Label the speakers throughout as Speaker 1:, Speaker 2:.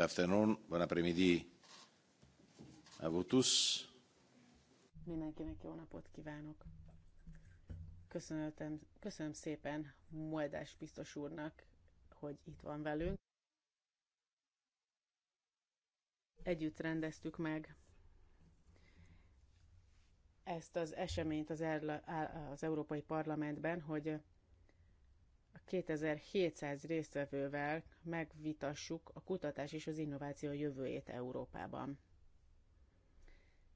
Speaker 1: good afternoon, bon après-midi à vous tous. Mindenkinek jó napot kívánok. Köszönöm, köszönöm szépen Moedás biztos úrnak, hogy itt van velünk. Együtt rendeztük meg ezt az eseményt az, Erla, az Európai Parlamentben, hogy 2700 résztvevővel megvitassuk a kutatás és az innováció jövőjét Európában.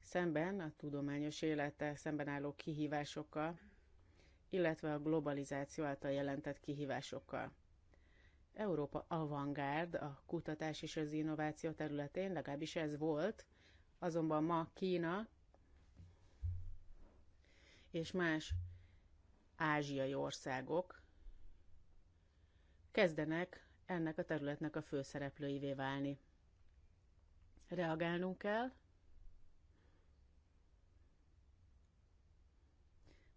Speaker 1: Szemben a tudományos élettel szemben álló kihívásokkal, illetve a globalizáció által jelentett kihívásokkal. Európa avantgárd a kutatás és az innováció területén, legalábbis ez volt, azonban ma Kína és más ázsiai országok kezdenek ennek a területnek a főszereplőivé válni. Reagálnunk kell,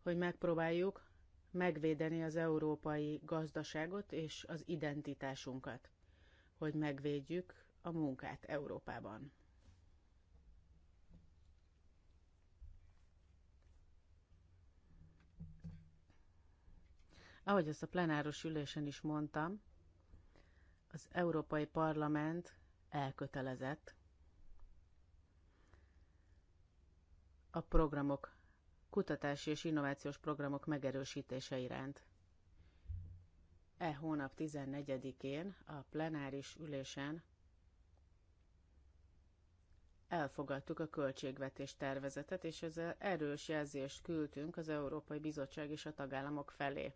Speaker 1: hogy megpróbáljuk megvédeni az európai gazdaságot és az identitásunkat, hogy megvédjük a munkát Európában. Ahogy ezt a plenáros ülésen is mondtam, az Európai Parlament elkötelezett a programok, kutatási és innovációs programok megerősítése iránt. E hónap 14-én a plenáris ülésen elfogadtuk a költségvetés tervezetet, és ezzel erős jelzést küldtünk az Európai Bizottság és a tagállamok felé.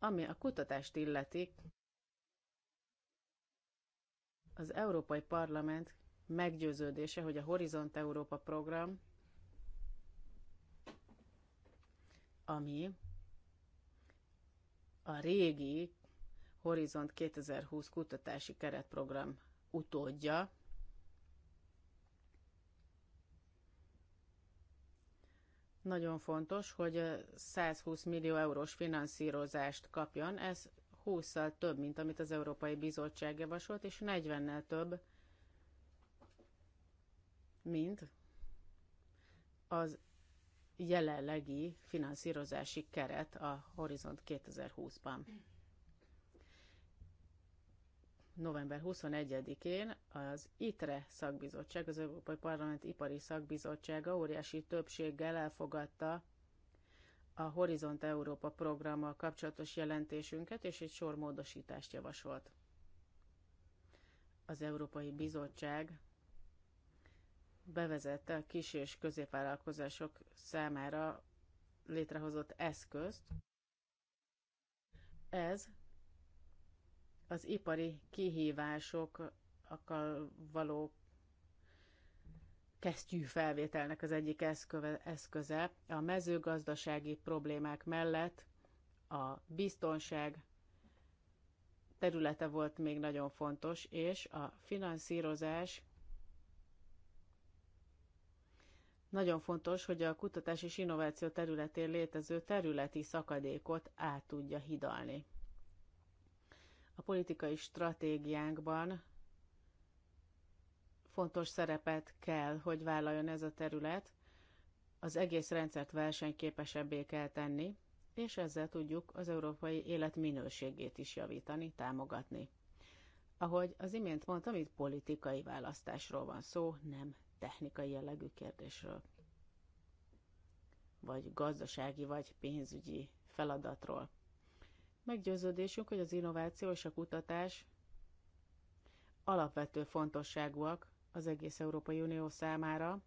Speaker 1: Ami a kutatást illeti, az Európai Parlament meggyőződése, hogy a Horizont Európa program, ami a régi Horizont 2020 kutatási keretprogram utódja, Nagyon fontos, hogy 120 millió eurós finanszírozást kapjon, ez 20-szal több, mint amit az Európai Bizottság javasolt, és 40-nel több, mint az jelenlegi finanszírozási keret a Horizont 2020-ban november 21-én az ITRE szakbizottság, az Európai Parlament Ipari Szakbizottsága óriási többséggel elfogadta a Horizont Európa programmal kapcsolatos jelentésünket, és egy sor módosítást javasolt. Az Európai Bizottság bevezette a kis és középvállalkozások számára létrehozott eszközt. Ez az ipari kihívásokkal való kesztyűfelvételnek felvételnek az egyik eszköze. A mezőgazdasági problémák mellett a biztonság területe volt még nagyon fontos, és a finanszírozás nagyon fontos, hogy a kutatás és innováció területén létező területi szakadékot át tudja hidalni a politikai stratégiánkban fontos szerepet kell, hogy vállaljon ez a terület, az egész rendszert versenyképesebbé kell tenni, és ezzel tudjuk az európai élet minőségét is javítani, támogatni. Ahogy az imént mondtam, itt politikai választásról van szó, nem technikai jellegű kérdésről. Vagy gazdasági, vagy pénzügyi feladatról. Meggyőződésünk, hogy az innováció és a kutatás alapvető fontosságúak az egész Európai Unió számára,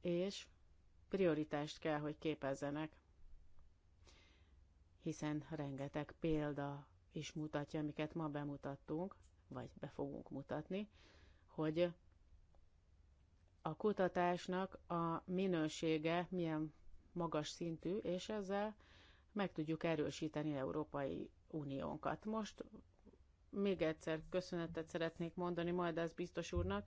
Speaker 1: és prioritást kell, hogy képezzenek, hiszen rengeteg példa is mutatja, amiket ma bemutattunk, vagy be fogunk mutatni, hogy a kutatásnak a minősége milyen magas szintű, és ezzel meg tudjuk erősíteni Európai Uniónkat. Most még egyszer köszönetet szeretnék mondani majd az biztos úrnak.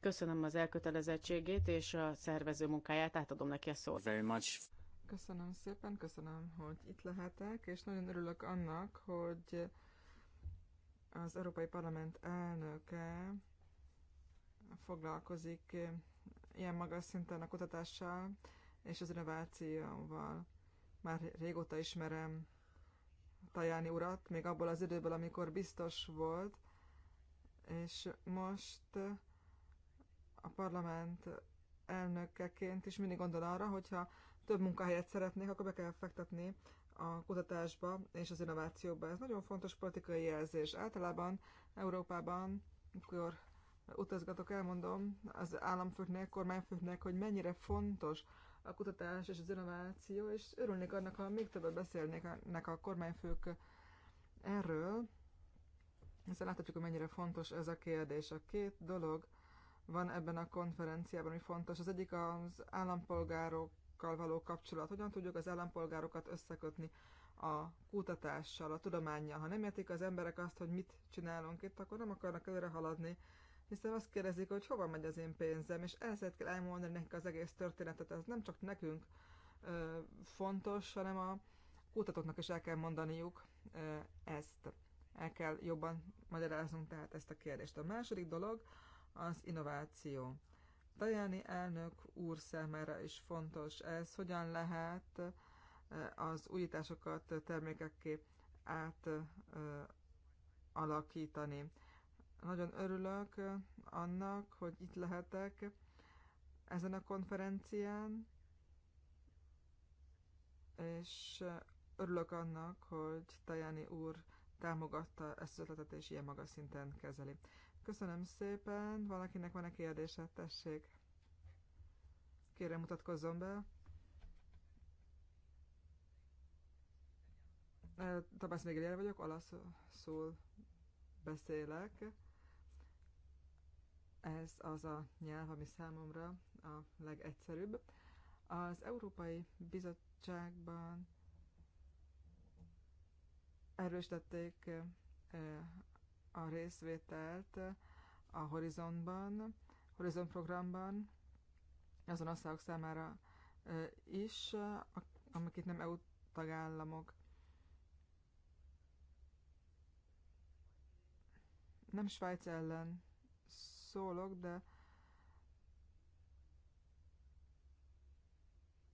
Speaker 1: Köszönöm az elkötelezettségét és a szervező munkáját, átadom neki a szót. Very much.
Speaker 2: Köszönöm szépen, köszönöm, hogy itt lehetek, és nagyon örülök annak, hogy az Európai Parlament elnöke foglalkozik ilyen magas szinten a kutatással és az innovációval már régóta ismerem Tajáni urat, még abból az időből, amikor biztos volt, és most a parlament elnökeként is mindig gondol arra, hogyha több munkahelyet szeretnék, akkor be kell fektetni a kutatásba és az innovációba. Ez nagyon fontos politikai jelzés. Általában Európában, amikor utazgatok, elmondom az államfőknek, kormányfőknek, hogy mennyire fontos a kutatás és az innováció, és örülnék annak, ha még többet beszélnék ennek a kormányfők erről, hiszen láthatjuk, hogy mennyire fontos ez a kérdés. A két dolog van ebben a konferenciában, ami fontos. Az egyik az állampolgárokkal való kapcsolat. Hogyan tudjuk az állampolgárokat összekötni a kutatással, a tudományjal? Ha nem értik az emberek azt, hogy mit csinálunk itt, akkor nem akarnak előre haladni hiszen azt kérdezik, hogy hova megy az én pénzem, és ezért kell elmondani nekik az egész történetet. Ez nem csak nekünk ö, fontos, hanem a kutatóknak is el kell mondaniuk ö, ezt. El kell jobban magyaráznunk tehát ezt a kérdést. A második dolog az innováció. Tajani elnök úr számára is fontos ez, hogyan lehet az újításokat termékekké átalakítani. Nagyon örülök annak, hogy itt lehetek ezen a konferencián, és örülök annak, hogy Tajani úr támogatta ezt az ötletet, és ilyen magas szinten kezeli. Köszönöm szépen, valakinek van-e kérdése, tessék. Kérem, mutatkozzon be. Tabász még vagyok, olaszul beszélek ez az a nyelv, ami számomra a legegyszerűbb. Az Európai Bizottságban erősítették a részvételt a Horizontban, Horizon programban, azon országok számára is, amik itt nem EU tagállamok. Nem Svájc ellen szólok, de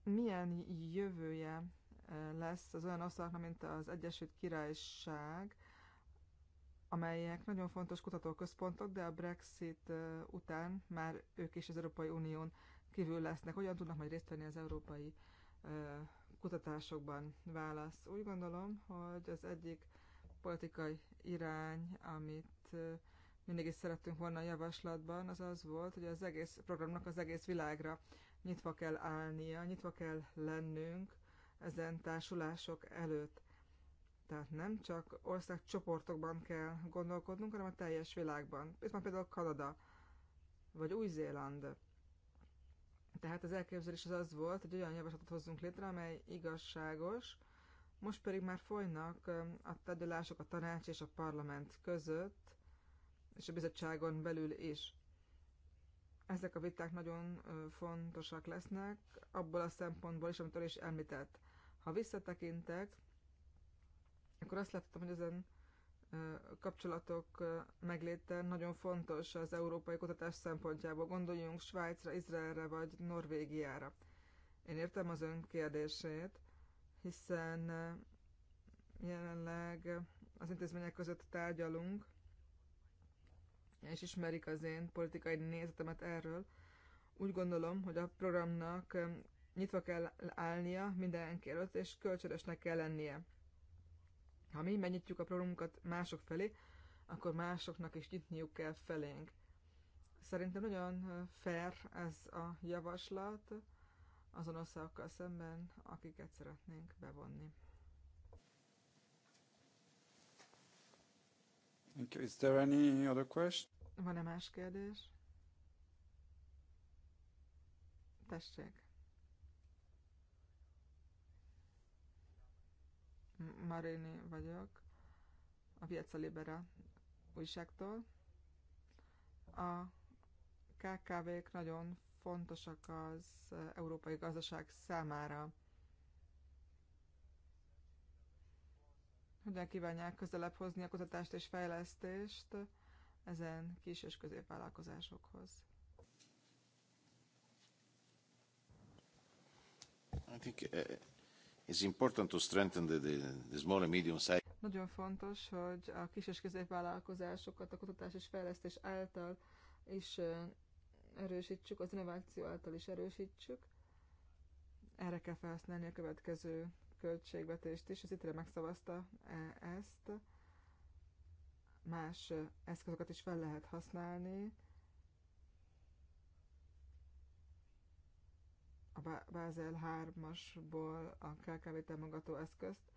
Speaker 2: milyen jövője eh, lesz az olyan országnak, mint az Egyesült Királyság, amelyek nagyon fontos kutatóközpontok, de a Brexit eh, után már ők is az Európai Unión kívül lesznek. Hogyan tudnak majd részt venni az európai eh, kutatásokban? Válasz. Úgy gondolom, hogy az egyik politikai irány, amit mindig is szerettünk volna a javaslatban, az az volt, hogy az egész programnak az egész világra nyitva kell állnia, nyitva kell lennünk ezen társulások előtt. Tehát nem csak országcsoportokban kell gondolkodnunk, hanem a teljes világban. Itt van például Kanada, vagy Új-Zéland. Tehát az elképzelés az az volt, hogy olyan javaslatot hozzunk létre, amely igazságos, most pedig már folynak a tárgyalások a tanács és a parlament között, és a bizottságon belül is. Ezek a viták nagyon fontosak lesznek, abból a szempontból is, amitől is említett. Ha visszatekintek, akkor azt láttam, hogy ezen kapcsolatok megléte nagyon fontos az európai kutatás szempontjából. Gondoljunk Svájcra, Izraelre vagy Norvégiára. Én értem az ön kérdését, hiszen jelenleg az intézmények között tárgyalunk és ismerik az én politikai nézetemet erről. Úgy gondolom, hogy a programnak nyitva kell állnia mindenki előtt, és kölcsönösnek kell lennie. Ha mi megnyitjuk a programunkat mások felé, akkor másoknak is nyitniuk kell felénk. Szerintem nagyon fair ez a javaslat azon országokkal szemben, akiket szeretnénk bevonni.
Speaker 1: Thank you. Is there any other question?
Speaker 2: Van-e más kérdés? Tessék. Marini vagyok, a Viaca Libera újságtól. A KKV-k nagyon fontosak az európai gazdaság számára. hogyan kívánják közelebb hozni a kutatást és fejlesztést ezen kis és középvállalkozásokhoz.
Speaker 1: I think uh, it's important to strengthen the, the small and medium size.
Speaker 2: Nagyon fontos, hogy a kis és középvállalkozásokat a kutatás és fejlesztés által is erősítsük, az innováció által is erősítsük. Erre kell felhasználni a következő költségvetést is, az ITRE megszavazta e- ezt. Más eszközöket is fel lehet használni. A Bázel 3-asból a KKV támogató eszközt.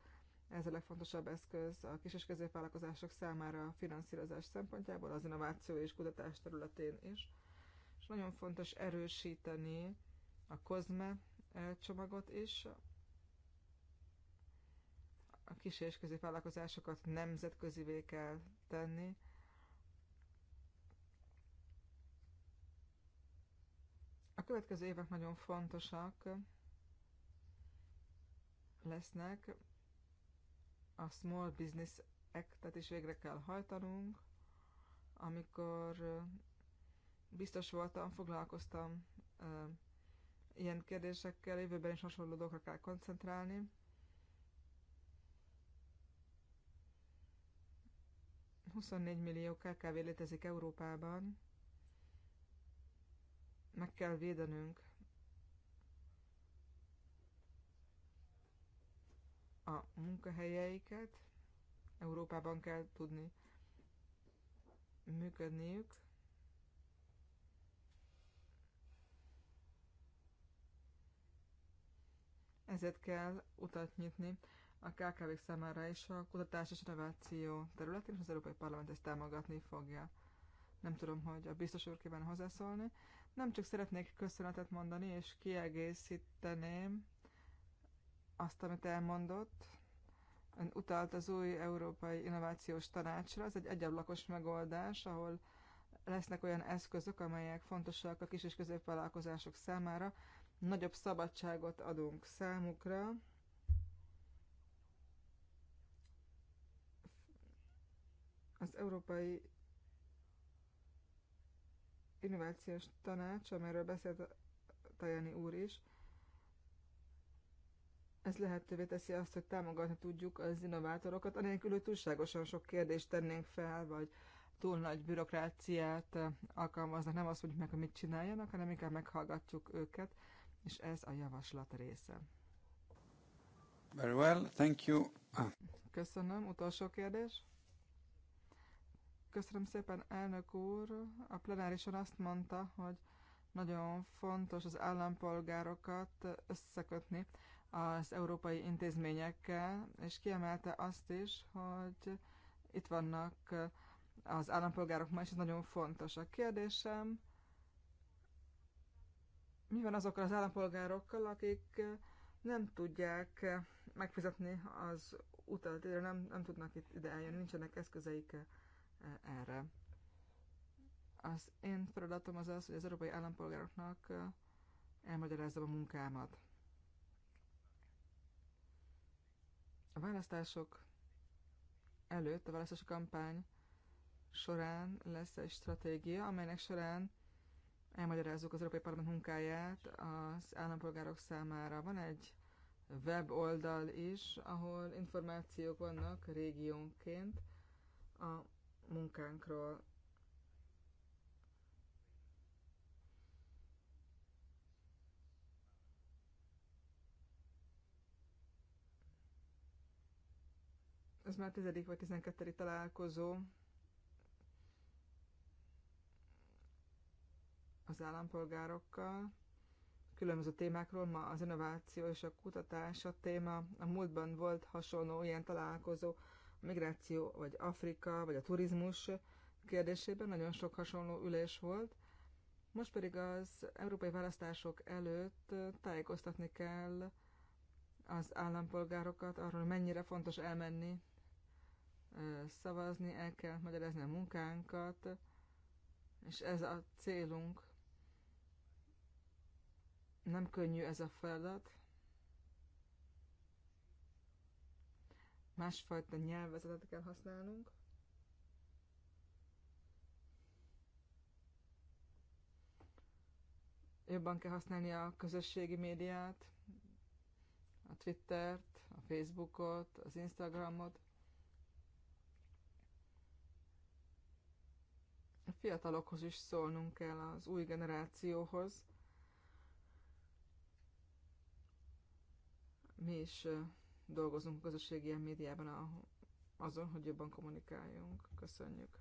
Speaker 2: Ez a legfontosabb eszköz a kis- és középvállalkozások számára a finanszírozás szempontjából, az innováció és kutatás területén is. És nagyon fontos erősíteni a COSME eh, csomagot is, a kis és középvállalkozásokat nemzetközivé kell tenni. A következő évek nagyon fontosak lesznek. A Small Business Act-et is végre kell hajtanunk. Amikor biztos voltam, foglalkoztam ilyen kérdésekkel, jövőben is hasonló dolgokra kell koncentrálni. 24 millió KKV létezik Európában, meg kell védenünk a munkahelyeiket, Európában kell tudni működniük. Ezért kell utat nyitni a kkv számára is a kutatás és innováció területén, és az Európai Parlament ezt támogatni fogja. Nem tudom, hogy a biztos úr kíván hozzászólni. Nem csak szeretnék köszönetet mondani, és kiegészíteném azt, amit elmondott. Ön utalt az új Európai Innovációs Tanácsra, ez egy egyablakos megoldás, ahol lesznek olyan eszközök, amelyek fontosak a kis és középvállalkozások számára, nagyobb szabadságot adunk számukra, Az Európai Innovációs Tanács, amelyről beszélt Tajani úr is, ez lehetővé teszi azt, hogy támogatni tudjuk az innovátorokat, anélkül, hogy túlságosan sok kérdést tennénk fel, vagy túl nagy bürokráciát alkalmaznak. Nem azt mondjuk meg, hogy mit csináljanak, hanem inkább meghallgatjuk őket, és ez a javaslat része. Very well, thank you. Köszönöm. Utolsó kérdés. Köszönöm szépen, elnök úr. A plenárison azt mondta, hogy nagyon fontos az állampolgárokat összekötni az európai intézményekkel, és kiemelte azt is, hogy itt vannak az állampolgárok ma, és ez nagyon fontos. A kérdésem, mi van azokkal az állampolgárokkal, akik nem tudják megfizetni az utat, nem, nem tudnak itt ide eljönni, nincsenek eszközeik erre. Az én feladatom az az, hogy az európai állampolgároknak elmagyarázzam a munkámat. A választások előtt, a választási kampány során lesz egy stratégia, amelynek során elmagyarázzuk az Európai Parlament munkáját az állampolgárok számára. Van egy weboldal is, ahol információk vannak régiónként a munkánkról. Ez már tizedik vagy tizenkettedik találkozó az állampolgárokkal különböző témákról. Ma az innováció és a kutatás a téma. A múltban volt hasonló ilyen találkozó migráció, vagy Afrika, vagy a turizmus kérdésében nagyon sok hasonló ülés volt. Most pedig az európai választások előtt tájékoztatni kell az állampolgárokat arról, mennyire fontos elmenni szavazni, el kell magyarázni a munkánkat, és ez a célunk. Nem könnyű ez a feladat, másfajta nyelvezetet kell használnunk. Jobban kell használni a közösségi médiát, a Twittert, a Facebookot, az Instagramot. A fiatalokhoz is szólnunk kell, az új generációhoz. Mi is dolgozunk a közösségi médiában a, azon, hogy jobban kommunikáljunk. Köszönjük.